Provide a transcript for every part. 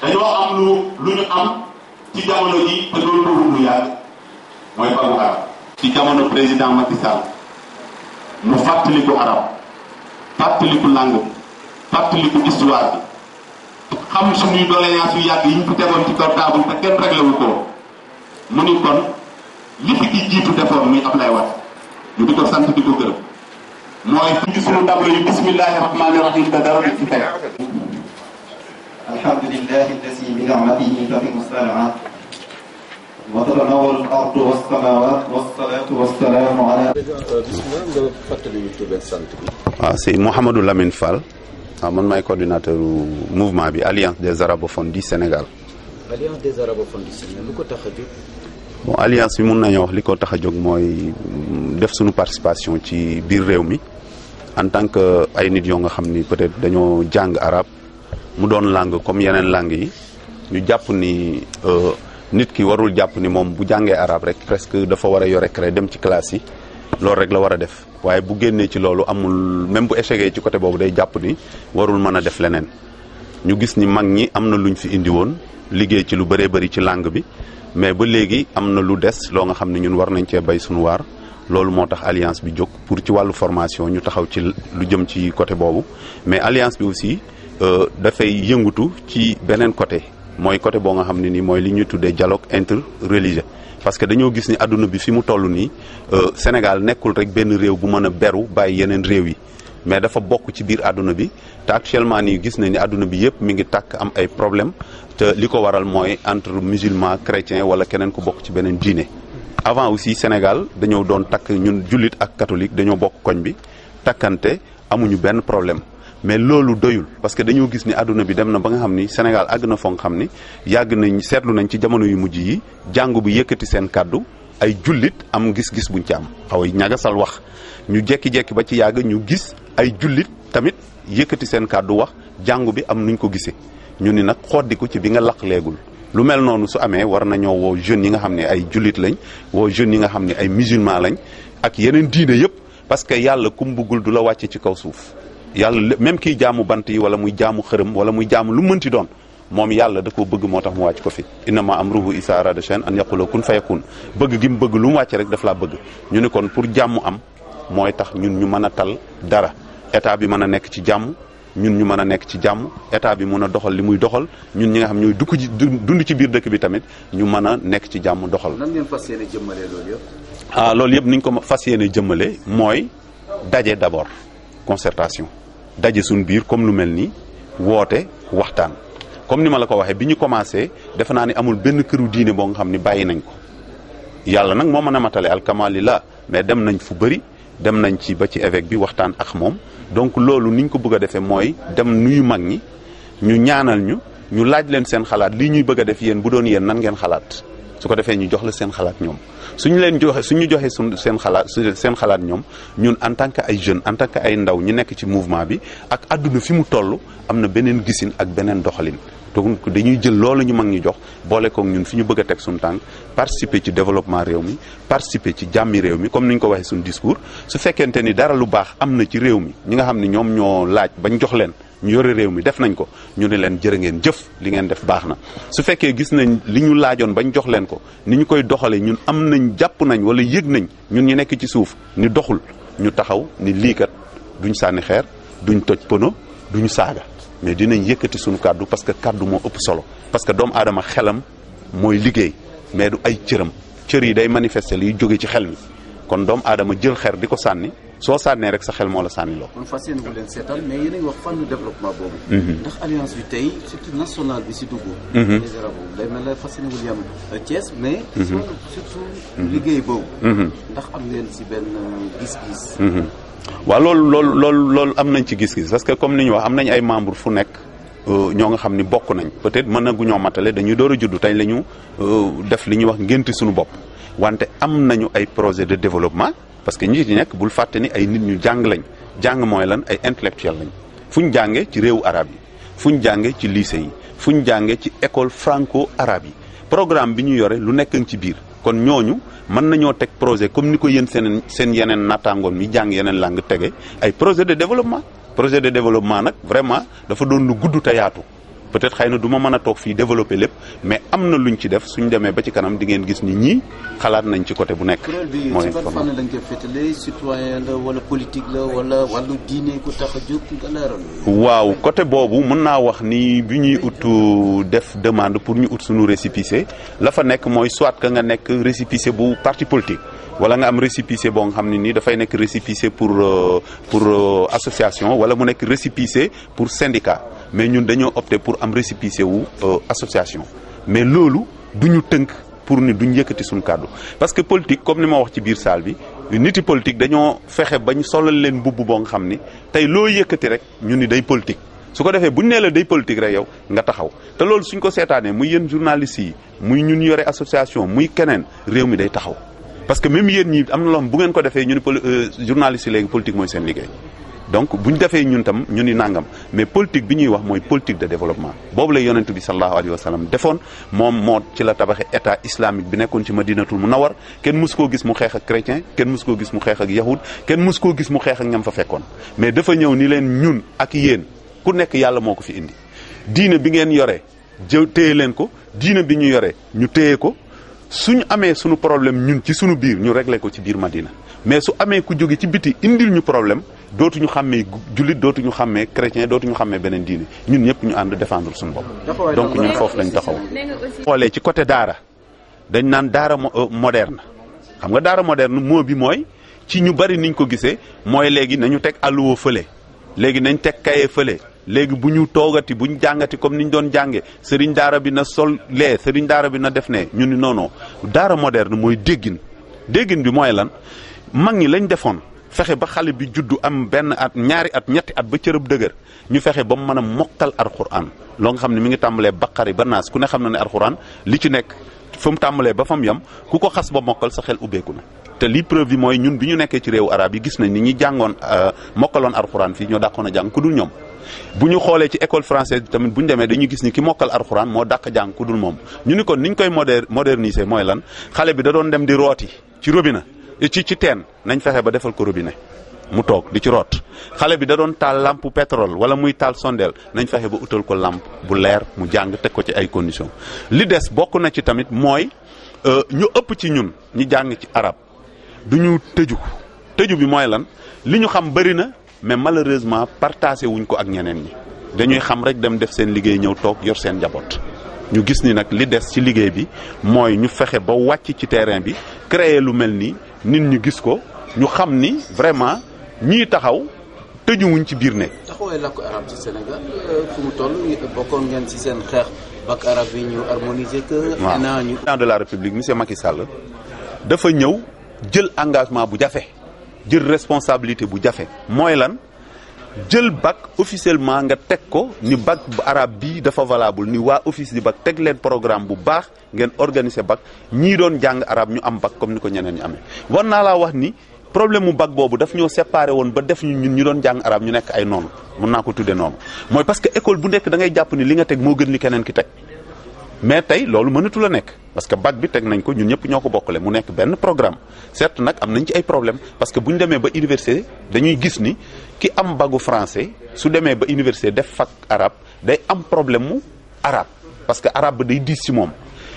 dañoo am lu lu ñu am ci jamono ji te loolu doon yàgg mooy babu ci jamono président Macky Sall mu fàttaliku arab fàttaliku langue fàttaliku histoire bi xam suñuy doléance yu yàgg yi ñu fi tegoon ci kaw taabul te kenn réglé wu ko mu ni kon li fi ci jiitu defoon muy Ablaye Wade ñu di ko sant di ko gërëm mooy fi suñu ndam bismillahi rahmaani rahim te dara ci tey لله الذي بنعمته تتم ah, ah, bi alliance des arabophones du Sénégal alliance des arabophones du ko tax a jóg alliance bi mun nañoo wax li ko tax a jóg mooy def suñu participation ci biir réew mi en tant que ay nit yoo nga xam ni peut dañoo jàng arab mu doon langue comme yeneen langue yi ñu jàpp ni euh, nit ki warul jàpp ni moom bu jàngee arabe rek presque dafa war a yore cré dem ci classe yi loolu rek la war a def waaye bu génnee ci loolu amul même bu échecgee ci côté boobu day jàpp ni warul mën a def leneen ñu gis ni mag ñi am na lu ñu fi indi woon liggéey ci lu bëree bëri ci langue bi mais ba léegi am na lu des loo nga xam ne ñun war nañ cee bay suñu waar loolu moo tax alliance bi jóg pour ci wàllu formation ñu taxaw ci lu jëm ci côté boobu mais alliance bi aussi Euh, dafay yëngutu ci beneen côté mooy côté boo nga xam ne nii mooy li ñuy tuddee dialogue interreligieux parce que dañoo gis ni àdduna bi fi mu toll nii euh, Sénégal nekkul rek benn réew bu mën a beru bàyyi yeneen réew yi mais dafa bokk ci biir àdduna bi te actuellement nii gis nañ ni àdduna bi yëpp mi ngi tàkk am ay problème te li ko waral mooy entre musulman chrétien wala keneen ku bokk ci beneen diine. avant aussi Sénégal dañoo doon takk ñun jullit ak catholique dañoo bokk koñ bi takkante amuñu benn problème. mais loolu doyul parce que dañoo gis ni àdduna bi dem na ba nga xam ni Sénégal àgg na foo xam ni yàgg nañ seetlu nañ ci jamono yu mujj yi jàngu bi yëkkati seen kàddu ay jullit am gis-gis buñ ci am xaw a ñagasal wax ñu jekki-jekki ba ci yàgg ñu gis ay jullit tamit yëkkati seen kàddu wax jàngu bi am nuñ ko gisee ñu ni nag xoddiku ci bi nga laq léegul lu mel noonu su amee war nañoo woo jeunes yi nga xam ne ay jullit lañ woo jeune yi nga xam ni ay musulman lañ ak yeneen diine yëpp parce que yàlla ku du la wàcce ci kaw suuf yàlla même kii jaamu bant yi wala muy jaamu xërëm wala muy jàmm lu mënti doon moom yàlla da koo bëgg moo tax mu wàcc ko fi am amruhu isa arada shay'an an yaqula kun fayakun bëgg gi mu bëgg lu mu wàcc rek daf laa bëgg ñu ne kon pour jàmm am mooy tax ñun ñu mën a tal dara état bi mën a nekk ci jàmm ñun ñu mën a nekk ci jàmm état bi mën a doxal li muy doxal ñun ñi nga xam ñooy dukk ci dund ci biir dëkk bi tamit ñu mën a nekk ci jàmm doxal. nan ngeen fas yéene jëmmale loolu yëpp. ah loolu yëpp fas yéene jëmmale mooy daje d'abord concertation daje suñ biir comme lu mel nii woote waxtaan comme ni ma la ko waxee bi ñu commencé defe naa ne amul benn këru diine boo nga xam ni bàyyi nañ ko yàlla nag moo mën a matale li la mais dem nañ fu bëri dem nañ ci ba ci évêque bi waxtaan ak moom donc loolu niñ ko bëgg a defee mooy dem nuyu mag ñi ñu ñaanal ñu ñu laaj leen seen xalaat li ñuy bëgg def yéen bu doon yéen nan ngeen xalaat su ko defee ñu jox la seen xalaat ñoom suñu leen joxe suñu joxee suñ seen xalaat seen xalaat ñoom ñun en tant que ay jeunes en tant que ay ndaw ñu nekk ci mouvement bi ak àdduna fi mu tollu am na beneen gisin ak beneen doxalin donc dañuy jël loolu ñu mag ñu jox boole koog ñun fi ñu bëgg a teg suñu tànk participer ci développement réew mi participer ci jàmmi réew mi comme ni ñu ko waxee suñu discours su fekkente ni dara lu baax am na ci réew mi ñi nga xam ne ñoom ñoo laaj ba ñu jox leen ñu yore réew mi def nañ ko ñu ne leen jërë ngeen jëf li ngeen def baax na su fekkee gis nañ li ñu laajoon ba ñu jox leen ko ni ñu koy doxalee ñun am nañ jàpp nañ wala yëg nañ ñun ñu nekk ci suuf ni doxul ñu taxaw ni liikat kat duñ sànni xeer duñu toj pono duñu saaga mais dinañ yëkkati suñu kàddu parce que kàddu moo ëpp solo parce que doomu aadama xelam mooy liggéey mais du ay cëram cër yi day manifester liy jóge ci xel mi kon doomu aadama jël xeer di ko sànni soo sànnee rek sa xel moo la sànni fas yéene wu leen seetal mais yéen a wax wax lu développement boobu. Mhm. ndax alliance bi tey surtout nationale bi si dugg. ISRA mhm. boobu day mel ne fas yéene wu yam Thiès mais. Mhm. surtout liggéey ndax am ngeen si benn euh, loolu loolu loolu loolu am nañ ci gis-gis parce que comme ni ñu wax am nañ ay membres fu nekk. Euh, ñoo nga xam ni bokk nañ peut-être mën na ñoo matale dañuy door a juddu tey la ñu euh, def li ñuy wax ngénti suñu bopp wante am nañu ay projet de développement. parce que njiit yi nekk bul fàtte ni ay nit ñu jàng lañ jàng mooy lan ay intellectuel lañ fu ñu jàngee ci réewu arabe yi fu ñu jàngee ci lycée yi fu ñu jàngee ci école franco arabe yi programme bi ñu yore lu nekk ci biir kon ñooñu mën nañoo teg projet comme ni ko yéen seen seen yeneen nattaangoon mi jàng yeneen langue tege ay projet de développement projet de développement nag vraiment dafa doon lu gudd te peut-être xëy na du mën a toog fii développer lépp mais am na luñ ci def suñ demee ba ci kanam di ngeen gis ni ñii xalaat nañ ci côté bu nekk. mooy fan lañ koy féetale citoyen la wala politique la wala wàllu diine ku tax a jóg nga leeral. waaw côté boobu mën naa wax ni bi ñuy ut euh, def demande pour ñu ut suñu récépissé la fa nekk mooy soit que nga nekk récépissé bu parti politique. wala nga am récépissé boo nga xam ne nii dafay nekk récépissé pour euh, pour euh, association wala mu nekk récépissé pour syndicat. mais ñun dañoo opté pour am récépissé wu euh, association mais loolu du ñu tënk pour ni duñu yëkkati suñu kàddu parce que politique comme ni ma wax ci biir saal bi niti politique dañoo fexe bañ solal leen mbubb boo nga xam ni tey loo yëkkati rek ñu ni day politique su ko defee bu ñu nee la day politique rek yow nga taxaw te loolu suñ ko seetaanee muy yéen journalistes yi muy ñun yore association muy keneen réew mi day taxaw parce que même yéen ñi am na loo xam bu ngeen ko defee ñu ne euh, journalistes yi léegi seen liggéey donc bu ñu defee ñun tam ñu ni nangam mais politique bi ñuy wax mooy politique de développement boobu la yonent bi sallallahu alayhi wa sallam defoon moom moo ci la tabaxe état islamique bi nekkoon ci madinatul munawwar kenn mus koo gis mu xeex ak chrétien kenn mus koo gis mu xeex ak yahud kenn mus koo gis mu xeex ak ñam fa fekkoon mais dafa ñëw ni leen ñun ak yéen ku nekk yàlla moo ko fi indi diina bi ngeen yore jëw téye leen ko diina bi ñu yore ñu téye ko su ñu amee suñu problème ñun ci suñu biir ñu réglé ko ci biir Madina mais su amee ku jóge ci biti indil ñu problème dootuñu xàmmee jullit dootuñu xàmmee chrétien dootuñu xàmmee beneen diini ñun ñëpp ñu ànd défendre suñu bopp donc ñun foofu lañ taxaw xoolee ci côté daara dañ naan daara euh, moderne xam nga daara moderne moo bi mooy ci ñu bari niñ ko gisee mooy léegi nañu teg alluwa fële léegi nañ teg kaye fële léegi bu ñu toogati bu ñu jàngati comme ni ñu doon jànge sëriñ daara bi na sol lee sëriñ daara bi na def ne ñu ni noonu non daara moderne mooy déggin déggin bi mooy lan mag ñi lañ defoon fexe ba xale bi juddu am benn at ñaari at ñetti at ba cërëb dëgër ñu fexe ba mu mën a mokkal alxuraan loo nga xam ne mu ngi tàmbalee baqari ba naas ku ne xam na ne alxuraan li ci nekk fa mu tàmbalee ba fa yam ku ko xas ba mokkal sa xel ubbeeku na te lii preuve bi ñun bi ñu nekkee ci réewu arab yi gis nañ ni ñi jàngoon euh, mokkaloon alxuraan fii ñoo dàqoon a jàng ñoom bu ñu xoolee ci école française bi tamit bu ñu demee dañuy gis ni ki mokkal alxuraan moo dàq jàng ku dul moom ñu ni kon niñ koy moder moderniser mooy lan xale bi da doon dem di rooti ci robinet ci ci teen nañ fexe ba defal ko robine mu toog di ci root xale bi da doon taal lampe pétrole wala muy taal sondeel nañ fexe ba utal ko làmp bu leer mu jàng teg ko ci ay conditions li des bokk na ci tamit mooy euh, ñu ëpp ci ñun ñu jàng ci arab du ñu tëju tëju bi mooy lan li ñu xam bëri na mais malheureusement partagé wuñ ko ak ñeneen ñi dañuy xam rek dem def seen liggéey ñëw toog yor seen njaboot. ñu gis ni nag li des ci liggéey bi mooy ñu fexe ba wàcc ci terrain bi créer lu mel ni nit ñu gis ko ñu xam ni vraiment ñii taxaw tëjuwuñ ci biir nekk. taxawaay làkku arab ci Sénégal euh, fu mu toll bokkoon ngeen ci seen xeex bak arab yi ñu harmoniser que. président de la république monsieur Macky Sall dafa ñëw jël engagement bu jafe. jël responsabilité bu jafe mooy lan jël bac officiellement nga teg ko ni bac bu arabe bii dafa valable ni waa office di bac teg leen programme bu baax ngeen organiser bac ñii doon jàng arabe ñu am bac comme ni ko ñeneen ñi amee. war naa laa wax ni problème mu bac boobu daf ñoo séparé woon ba def ñu ñun ñu doon jàng arabe ñu nekk ay noonu mun naa ko tuddee noonu mooy parce que école bu nekk da ngay jàpp ni li nga teg moo gën li keneen ki teg. mais tey loolu mënatul a nekk parce que bac bi teg nañ ko ñun ñëpp ñoo ko bokkale mu nekk benn programme certes nag am nañ ci ay problème parce que bu ñu demee ba université dañuy gis ni ki am bagu français su demee ba université def fac arabe day am problème mu arabe parce que arabe ba day ci moom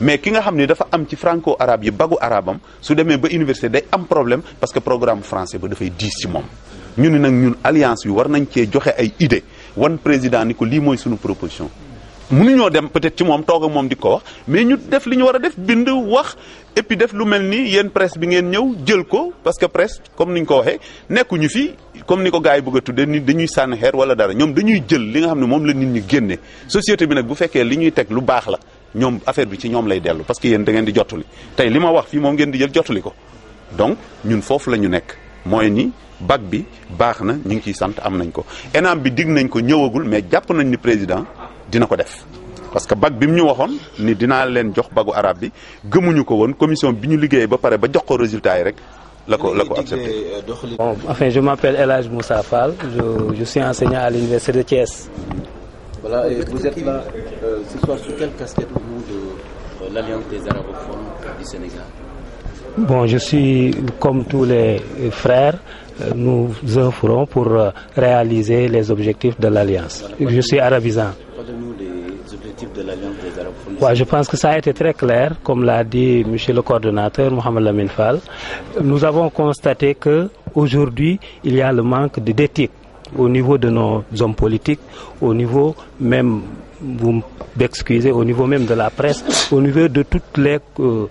mais ki nga xam ne dafa am ci franco arabe yi bagu arabam su demee ba université day am problème parce que programme français ba dafay diis ci moom ñu ni nag ñun alliance bi war nañ cee joxe ay idée wan président ni ko lii mooy sunu proposition mënuñoo dem peut-être ci moom toog moom di ko wax mais ñu def li ñu war a def bind wax et puis def lu mel ni yéen presse bi ngeen ñëw jël ko parce que presse comme ni ñu ko waxee nekkuñu fi comme ni ko gars yi bëgg a tuddee ni dañuy sànni xeer wala dara ñoom dañuy jël li nga xam ne moom la nit ñi génne. société bi nag bu fekkee li ñuy teg lu baax la ñoom affaire bi ci ñoom lay dellu parce que yéen da ngeen di jottali tey li ma wax fii moom ngeen di jël jottali donc ñun foofu la ñu nekk mooy ni. bac bi baax na ñu ngi ciy sant am nañ ko ENAM bi digg nañ ko ñëwagul mais jàpp nañ ni président dina ko def parce que bac bi mu ñu waxoon ni dinaa leen jox bagu arabe bi gëmuñu ko woon commission bi ñu liggéeyee ba pare ba jox ko résultat yi rek la ko la ko accepté. Euh, bon enfin je m'appelle El Hadj Moussa Fall je je suis enseignant à l'université de Thiès. et vous êtes là euh, ce soir Bon, je suis comme tous les frères euh, nous œuvrons pour euh, réaliser les objectifs de l'Alliance. Je suis arabisant. Parlez-nous je pense que ça a été très clair, comme l'a dit M. le coordonnateur Mohamed Lamine Fall. Nous avons constaté que aujourd'hui, il y a le manque d'éthique au niveau de nos hommes politiques, au niveau même, vous au niveau même de la presse, au niveau de toutes les... Euh,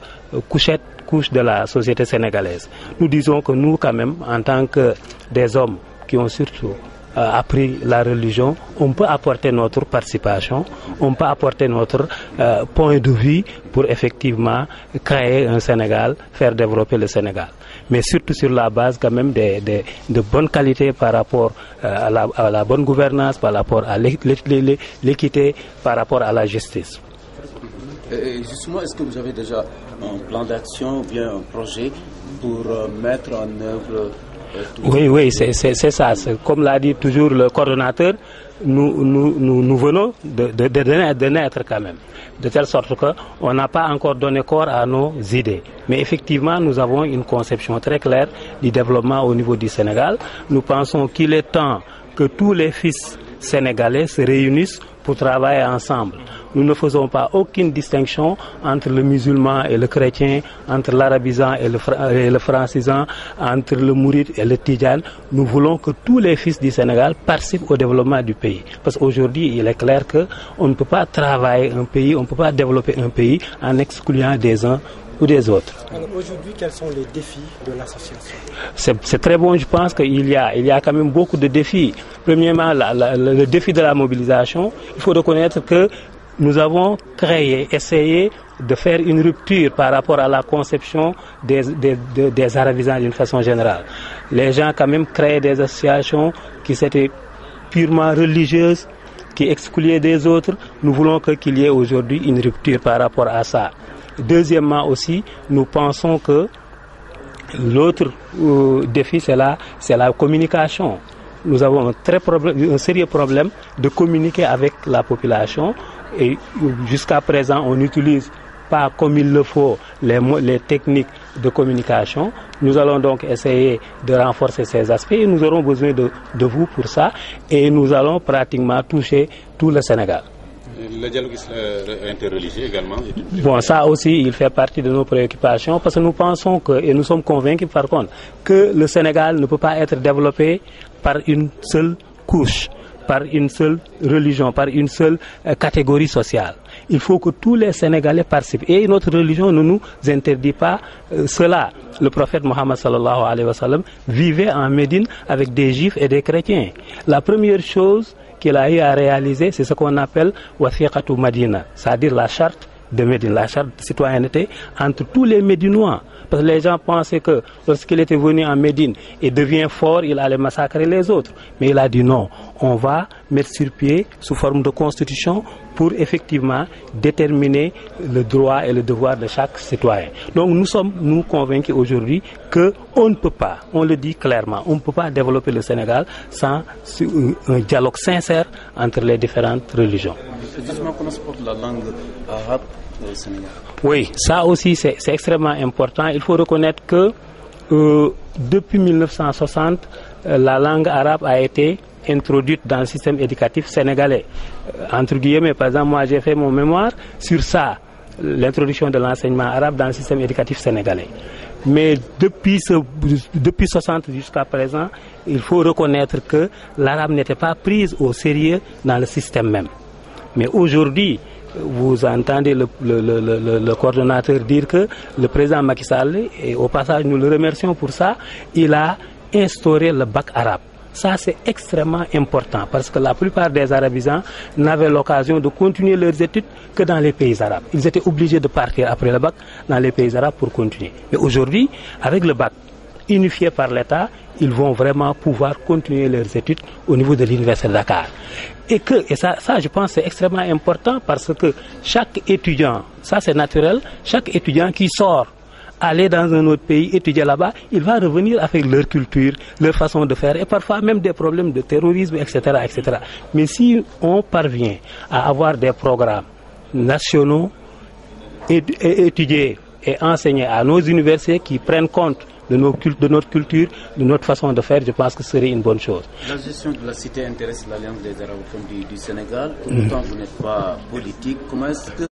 couchette couche de la société sénégalaise. Nous disons que nous, quand même, en tant que des hommes qui ont surtout euh, appris la religion, on peut apporter notre participation, on peut apporter notre euh, point de vue pour effectivement créer un Sénégal, faire développer le Sénégal. Mais surtout sur la base quand même de, de, de bonnes qualités par rapport euh, à, la, à la bonne gouvernance, par rapport à l'équité, par rapport à la justice. Et justement, est-ce que vous avez déjà un plan d'action ou bien un projet pour euh, mettre en œuvre euh, oui, oui, c'est ça. Comme l'a dit toujours le coordonnateur, nous, nous, nous, nous venons de, de, de, de, naître quand même. De telle sorte qu'on n'a pas encore donné corps à nos idées. Mais effectivement, nous avons une conception très claire du développement au niveau du Sénégal. Nous pensons qu'il est temps que tous les fils sénégalais se réunissent pour travailler ensemble. Nous ne faisons pas aucune distinction entre le musulman et le chrétien, entre l'arabisant et le, et entre le mouride et le tidjan. Nous voulons que tous les fils du Sénégal participent au développement du pays. Parce qu'aujourd'hui, il est clair qu'on ne peut pas travailler un pays, en excluant des uns ou des autres. Alors aujourd'hui, quels sont les défis de l'association C'est très bon, je pense qu'il y, a, il y a quand même beaucoup de défis. Premièrement, la, la, le défi de la mobilisation. Il faut reconnaître que nous avons créé, essayé de faire une rupture par rapport à la conception des, des, des, des arabisans d'une façon générale. Les gens quand même créaient des associations qui s'étaient purement religieuses, qui excluaient des autres. Nous voulons qu'il qu y ait aujourd'hui une rupture par rapport à ça. Deuxièmement aussi, nous pensons que l'autre euh, défi, c'est la, la communication nous avons un très problème, un sérieux problème de communiquer avec la population et jusqu'à présent on n'utilise pas comme il le faut les, les techniques de communication. Nous allons donc essayer de renforcer ces aspects et nous aurons besoin de, de vous pour ça et nous allons pratiquement toucher tout le Sénégal. Le dialogue euh, interreligieux également est une Bon, ça aussi, il fait partie de nos préoccupations parce que nous pensons que, et nous sommes convaincus par contre, que le Sénégal ne peut pas être développé par une seule couche, par une seule religion, par une seule euh, catégorie sociale. il faut que tous les Sénégalais participent. Et notre religion ne nous interdit pas euh, cela. Le prophète Mohammed sallallahu alayhi wa sallam vivait en Médine avec des juifs et des chrétiens. La première chose qu'il a eu à réaliser, c'est ce qu'on appelle Wathiqatu Madina, c'est-à-dire la charte de Médine, la charte de citoyenneté entre tous les Médinois. Parce que les gens pensaient que lorsqu'il était venu en Médine et devient fort, il allait massacrer les autres. Mais il a dit non, on va mettre sur de constitution, pour effectivement déterminer le droit et le devoir de chaque citoyen. Donc nous sommes, nous, convaincus aujourd'hui qu'on ne peut pas, on le dit clairement, on ne peut pas développer le Sénégal sans euh, un dialogue sincère entre les différentes religions. comment se porte la Oui, ça aussi c'est extrêmement important. Il faut reconnaître que euh, depuis 1960, euh, la langue arabe a été introduite dans le système éducatif sénégalais. Euh, entre guillemets, par exemple, moi j'ai fait mon mémoire sur ça, l'introduction de l'enseignement arabe dans le système éducatif sénégalais. Mais depuis, ce, depuis 60 jusqu'à présent, il faut reconnaître que l'arabe n'était pas prise au sérieux dans le système même. Mais aujourd'hui, vous entendez le, le, le, le, coordonnateur dire que le président Macky Sall, et au passage nous le remercions pour ça, il a instauré le bac arabe. Ça, c'est extrêmement important parce que la plupart des arabisans n'avaient l'occasion de continuer leurs études que dans les pays arabes. Ils étaient obligés de partir après le bac dans les pays arabes pour continuer. Mais aujourd'hui, avec le bac unifié par l'État, ils vont vraiment pouvoir continuer leurs études au niveau de l'Université de Dakar. Et que, et ça, ça je pense c'est extrêmement important parce que chaque étudiant, ça c'est naturel, chaque étudiant qui sort aller dans un autre pays, étudier là il va revenir avec leur culture, leur façon de faire et parfois même des problèmes de terrorisme, etc. etc. Mais si on parvient à avoir des programmes nationaux et, et étudiés et enseignés à nos universités qui prennent compte de, nos de de notre façon de faire, je pense que ce serait une bonne chose. La gestion de la cité intéresse des Arabes du, du Sénégal. Pourtant, mmh. vous n'êtes pas politique. Comment que...